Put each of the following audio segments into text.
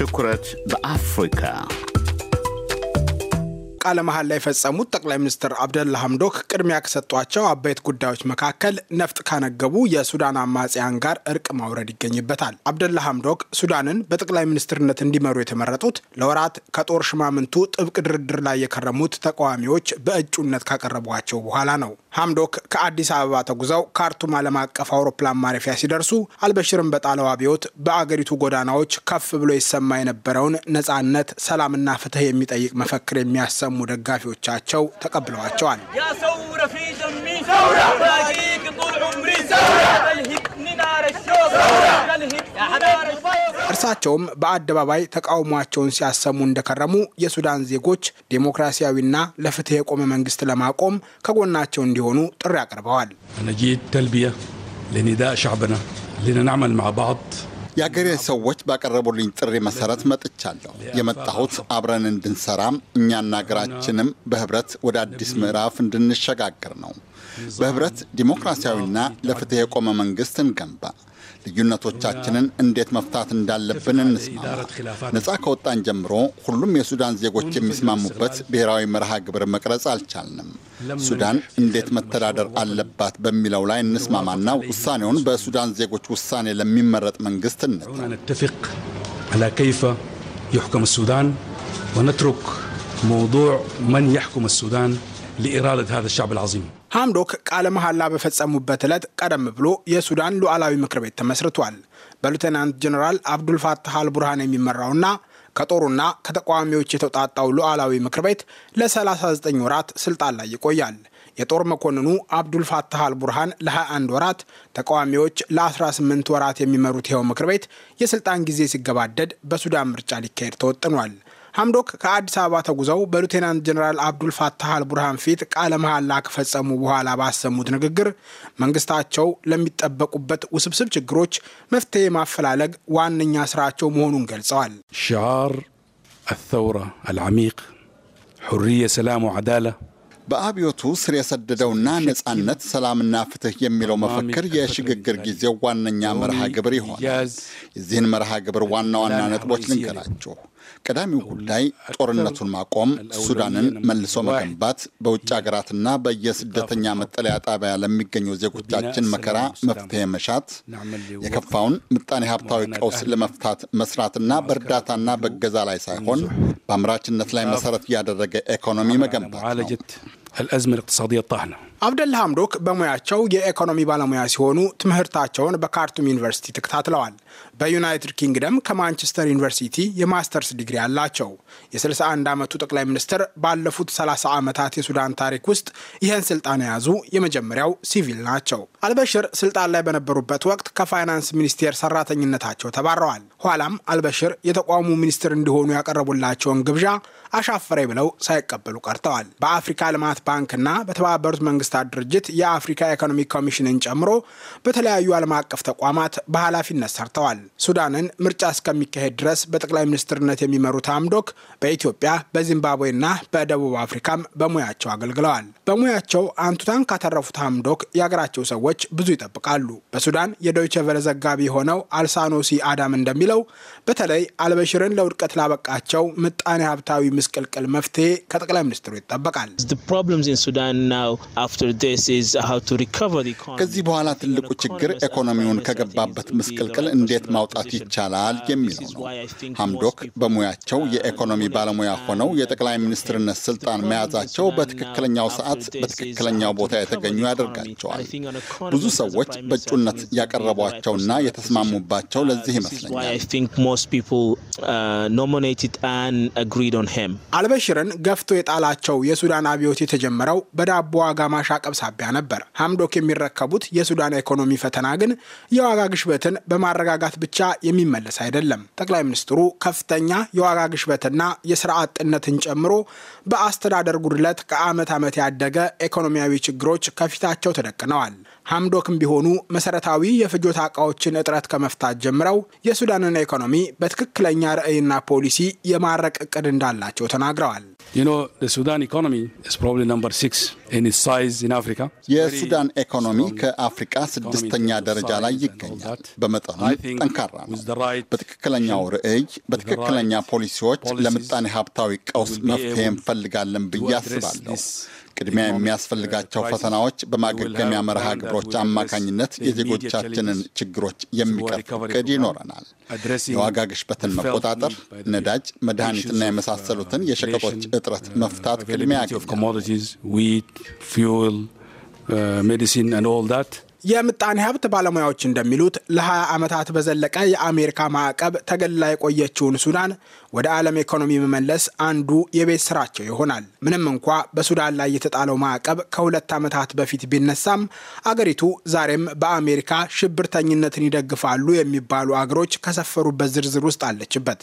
ትኩረት በአፍሪካ ቃለ መሀል ላይ የፈጸሙት ጠቅላይ ሚኒስትር አብደላ ሀምዶክ ቅድሚያ ከሰጧቸው አበይት ጉዳዮች መካከል ነፍጥ ካነገቡ የሱዳን አማጽያን ጋር እርቅ ማውረድ ይገኝበታል። አብደላ ሀምዶክ ሱዳንን በጠቅላይ ሚኒስትርነት እንዲመሩ የተመረጡት ለወራት ከጦር ሽማምንቱ ጥብቅ ድርድር ላይ የከረሙት ተቃዋሚዎች በእጩነት ካቀረቧቸው በኋላ ነው። ሐምዶክ ከአዲስ አበባ ተጉዘው ካርቱም ዓለም አቀፍ አውሮፕላን ማረፊያ ሲደርሱ አልበሽርም በጣለው አብዮት በአገሪቱ ጎዳናዎች ከፍ ብሎ ይሰማ የነበረውን ነጻነት፣ ሰላምና ፍትህ የሚጠይቅ መፈክር የሚያሰሙ ደጋፊዎቻቸው ተቀብለዋቸዋል። እሳቸውም በአደባባይ ተቃውሟቸውን ሲያሰሙ እንደከረሙ የሱዳን ዜጎች ዴሞክራሲያዊና ለፍትህ የቆመ መንግስት ለማቆም ከጎናቸው እንዲሆኑ ጥሪ አቅርበዋል። ነጂድ ተልቢያ ለኒዳ ሻዕብና ልንናዕመል የአገሬ ሰዎች ባቀረቡልኝ ጥሪ መሰረት መጥቻለሁ። የመጣሁት አብረን እንድንሰራ እኛና ሀገራችንም በህብረት ወደ አዲስ ምዕራፍ እንድንሸጋገር ነው። በህብረት ዲሞክራሲያዊና ለፍትህ የቆመ መንግስት እንገንባ። ልዩነቶቻችንን እንዴት መፍታት እንዳለብን እንስማማ። ነፃ ከወጣን ጀምሮ ሁሉም የሱዳን ዜጎች የሚስማሙበት ብሔራዊ መርሃ ግብር መቅረጽ አልቻልንም። ሱዳን እንዴት መተዳደር አለባት በሚለው ላይ እንስማማና ውሳኔውን በሱዳን ዜጎች ውሳኔ ለሚመረጥ መንግስት እንተው። موضوع من يحكم السودان لإرادة هذا الشعب العظيم ሐምዶክ ቃለ መሐላ በፈጸሙበት ዕለት ቀደም ብሎ የሱዳን ሉዓላዊ ምክር ቤት ተመስርቷል። በሉቴናንት ጀኔራል አብዱልፋታህ አልቡርሃን የሚመራውና ከጦሩና ከተቃዋሚዎች የተውጣጣው ሉዓላዊ ምክር ቤት ለ39 ወራት ስልጣን ላይ ይቆያል። የጦር መኮንኑ አብዱልፋታህ አልቡርሃን ለ21 ወራት፣ ተቃዋሚዎች ለ18 ወራት የሚመሩት ይኸው ምክር ቤት የስልጣን ጊዜ ሲገባደድ በሱዳን ምርጫ ሊካሄድ ተወጥኗል። ሐምዶክ ከአዲስ አበባ ተጉዘው በሉቴናንት ጀኔራል አብዱል ፋታህ አልቡርሃን ፊት ቃለ መሐላ ከፈጸሙ በኋላ ባሰሙት ንግግር መንግስታቸው ለሚጠበቁበት ውስብስብ ችግሮች መፍትሄ ማፈላለግ ዋነኛ ስራቸው መሆኑን ገልጸዋል። ሽዓር አተውራ አልዓሚቅ ሁርየ ሰላም ወዓዳላ በአብዮቱ ስር የሰደደውና ነጻነት፣ ሰላምና ፍትህ የሚለው መፈክር የሽግግር ጊዜው ዋነኛ መርሃ ግብር ይሆናል። የዚህን መርሃ ግብር ዋና ዋና ነጥቦች ልንገራችሁ። ቀዳሚው ጉዳይ ጦርነቱን ማቆም፣ ሱዳንን መልሶ መገንባት፣ በውጭ ሀገራትና በየስደተኛ መጠለያ ጣቢያ ለሚገኙ ዜጎቻችን መከራ መፍትሄ መሻት፣ የከፋውን ምጣኔ ሀብታዊ ቀውስ ለመፍታት መስራትና በእርዳታና በገዛ ላይ ሳይሆን በአምራችነት ላይ መሰረት ያደረገ ኢኮኖሚ መገንባት ነው። الأزمة الاقتصادية الطاحنة አብደላ ሐምዶክ በሙያቸው የኢኮኖሚ ባለሙያ ሲሆኑ ትምህርታቸውን በካርቱም ዩኒቨርሲቲ ተከታትለዋል። በዩናይትድ ኪንግደም ከማንቸስተር ዩኒቨርሲቲ የማስተርስ ዲግሪ አላቸው። የ61 ዓመቱ ጠቅላይ ሚኒስትር ባለፉት 30 ዓመታት የሱዳን ታሪክ ውስጥ ይህን ስልጣን የያዙ የመጀመሪያው ሲቪል ናቸው። አልበሽር ስልጣን ላይ በነበሩበት ወቅት ከፋይናንስ ሚኒስቴር ሰራተኝነታቸው ተባረዋል። ኋላም አልበሽር የተቋሙ ሚኒስትር እንዲሆኑ ያቀረቡላቸውን ግብዣ አሻፈሬ ብለው ሳይቀበሉ ቀርተዋል። በአፍሪካ ልማት ባንክና በተባበሩት መንግስታት ድርጅት የአፍሪካ ኢኮኖሚክ ኮሚሽንን ጨምሮ በተለያዩ ዓለም አቀፍ ተቋማት በኃላፊነት ሰርተዋል። ሱዳንን ምርጫ እስከሚካሄድ ድረስ በጠቅላይ ሚኒስትርነት የሚመሩት አምዶክ በኢትዮጵያ በዚምባብዌና በደቡብ አፍሪካም በሙያቸው አገልግለዋል። በሙያቸው አንቱታን ካተረፉት አምዶክ የሀገራቸው ሰዎች ብዙ ይጠብቃሉ። በሱዳን የዶይቸ ቨለ ዘጋቢ የሆነው አልሳኖሲ አዳም እንደሚለው በተለይ አልበሽርን ለውድቀት ላበቃቸው ምጣኔ ሀብታዊ ምስቅልቅል መፍትሄ ከጠቅላይ ሚኒስትሩ ይጠበቃል። ከዚህ በኋላ ትልቁ ችግር ኢኮኖሚውን ከገባበት ምስቅልቅል እንዴት ማውጣት ይቻላል uh, የሚለው ነው። ሀምዶክ በሙያቸው የኢኮኖሚ ባለሙያ ሆነው የጠቅላይ ሚኒስትርነት ስልጣን መያዛቸው በትክክለኛው ሰዓት በትክክለኛው ቦታ የተገኙ ያደርጋቸዋል። ብዙ ሰዎች በእጩነት ያቀረቧቸውና የተስማሙባቸው uh, ለዚህ ይመስለኛል። uh, አልበሽርን ገፍቶ የጣላቸው የሱዳን አብዮት የተጀመረው በዳቦ ዋጋ ማሻቀብ ሳቢያ ነበር። ሀምዶክ የሚረከቡት የሱዳን ኢኮኖሚ ፈተና ግን የዋጋ ግሽበትን በማረጋጋት ብቻ የሚመለስ አይደለም። ጠቅላይ ሚኒስትሩ ከፍተኛ የዋጋ ግሽበትና የስራ አጥነትን ጨምሮ በአስተዳደር ጉድለት ከዓመት ዓመት ያደገ ኢኮኖሚያዊ ችግሮች ከፊታቸው ተደቅነዋል። ሐምዶክም ቢሆኑ መሰረታዊ የፍጆታ እቃዎችን እጥረት ከመፍታት ጀምረው የሱዳንን ኢኮኖሚ በትክክለኛ ርዕይና ፖሊሲ የማረቅ እቅድ እንዳላቸው ተናግረዋል። የሱዳን ኢኮኖሚ ከአፍሪቃ ስድስተኛ ደረጃ ላይ ይገኛል። በመጠኑ ጠንካራ ነው። በትክክለኛው ርዕይ፣ በትክክለኛ ፖሊሲዎች ለምጣኔ ሀብታዊ ቀውስ መፍትሄ እንፈልጋለን ብዬ አስባለሁ። ቅድሚያ የሚያስፈልጋቸው ፈተናዎች በማገገሚያ መርሃ ግብሮች አማካኝነት የዜጎቻችንን ችግሮች የሚቀርፍ እቅድ ይኖረናል። የዋጋ ግሽበትን መቆጣጠር፣ ነዳጅ፣ መድኃኒትና የመሳሰሉትን የሸቀጦች እጥረት መፍታት ቅድሚያ ያገኛል። uh, የምጣኔ ሀብት ባለሙያዎች እንደሚሉት ለ20 ዓመታት በዘለቀ የአሜሪካ ማዕቀብ ተገልላ የቆየችውን ሱዳን ወደ ዓለም ኢኮኖሚ መመለስ አንዱ የቤት ስራቸው ይሆናል። ምንም እንኳ በሱዳን ላይ የተጣለው ማዕቀብ ከሁለት ዓመታት በፊት ቢነሳም አገሪቱ ዛሬም በአሜሪካ ሽብርተኝነትን ይደግፋሉ የሚባሉ አገሮች ከሰፈሩበት ዝርዝር ውስጥ አለችበት።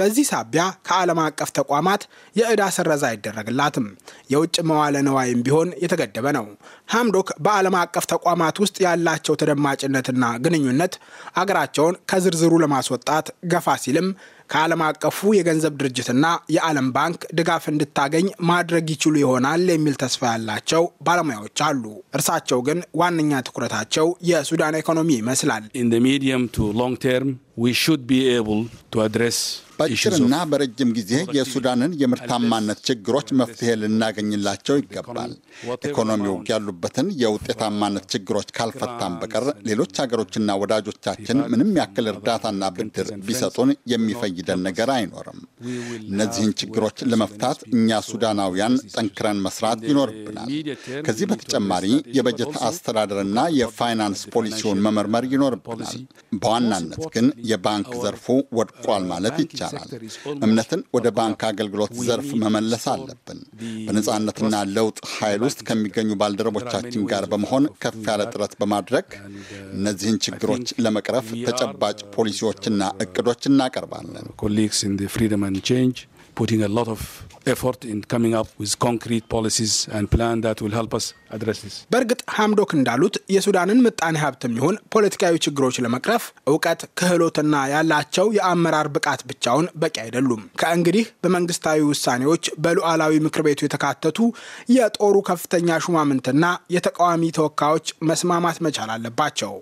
በዚህ ሳቢያ ከዓለም አቀፍ ተቋማት የዕዳ ስረዛ አይደረግላትም። የውጭ መዋለ ነዋይም ቢሆን የተገደበ ነው። ሐምዶክ በዓለም አቀፍ ተቋማት ውስጥ ያላቸው ተደማጭነትና ግንኙነት አገራቸውን ከዝርዝሩ ለማስወጣት ገፋ ሲልም ከዓለም አቀፉ የገንዘብ ድርጅትና የዓለም ባንክ ድጋፍ እንድታገኝ ማድረግ ይችሉ ይሆናል የሚል ተስፋ ያላቸው ባለሙያዎች አሉ። እርሳቸው ግን ዋነኛ ትኩረታቸው የሱዳን ኢኮኖሚ ይመስላል። ኢን ሚዲየም ቱ ሎንግ ተርም በአጭርና በረጅም ጊዜ የሱዳንን የምርታማነት ችግሮች መፍትሄ ልናገኝላቸው ይገባል። ኢኮኖሚው ያሉበትን የውጤታማነት ችግሮች ካልፈታም በቀር ሌሎች ሀገሮችና ወዳጆቻችን ምንም ያክል እርዳታና ብድር ቢሰጡን የሚፈይደን ነገር አይኖርም። እነዚህን ችግሮች ለመፍታት እኛ ሱዳናውያን ጠንክረን መስራት ይኖርብናል። ከዚህ በተጨማሪ የበጀት አስተዳደርና የፋይናንስ ፖሊሲውን መመርመር ይኖርብናል። በዋናነት ግን የባንክ ዘርፉ ወድቋል uh, ማለት ይቻላል። እምነትን ወደ ባንክ አገልግሎት ዘርፍ መመለስ አለብን። በነፃነትና ለውጥ ኃይል ውስጥ ከሚገኙ ባልደረቦቻችን ጋር በመሆን ከፍ ያለ ጥረት በማድረግ uh, እነዚህን ችግሮች ለመቅረፍ ተጨባጭ ፖሊሲዎችና uh, እቅዶች እናቀርባለን። putting a lot of effort in coming up with concrete policies and plan that will help us address this። በእርግጥ ሀምዶክ እንዳሉት የሱዳንን ምጣኔ ሀብትም ይሁን ፖለቲካዊ ችግሮች ለመቅረፍ እውቀት ክህሎትና ያላቸው የአመራር ብቃት ብቻውን በቂ አይደሉም። ከእንግዲህ በመንግስታዊ ውሳኔዎች በሉዓላዊ ምክር ቤቱ የተካተቱ የጦሩ ከፍተኛ ሹማምንትና የተቃዋሚ ተወካዮች መስማማት መቻል አለባቸው።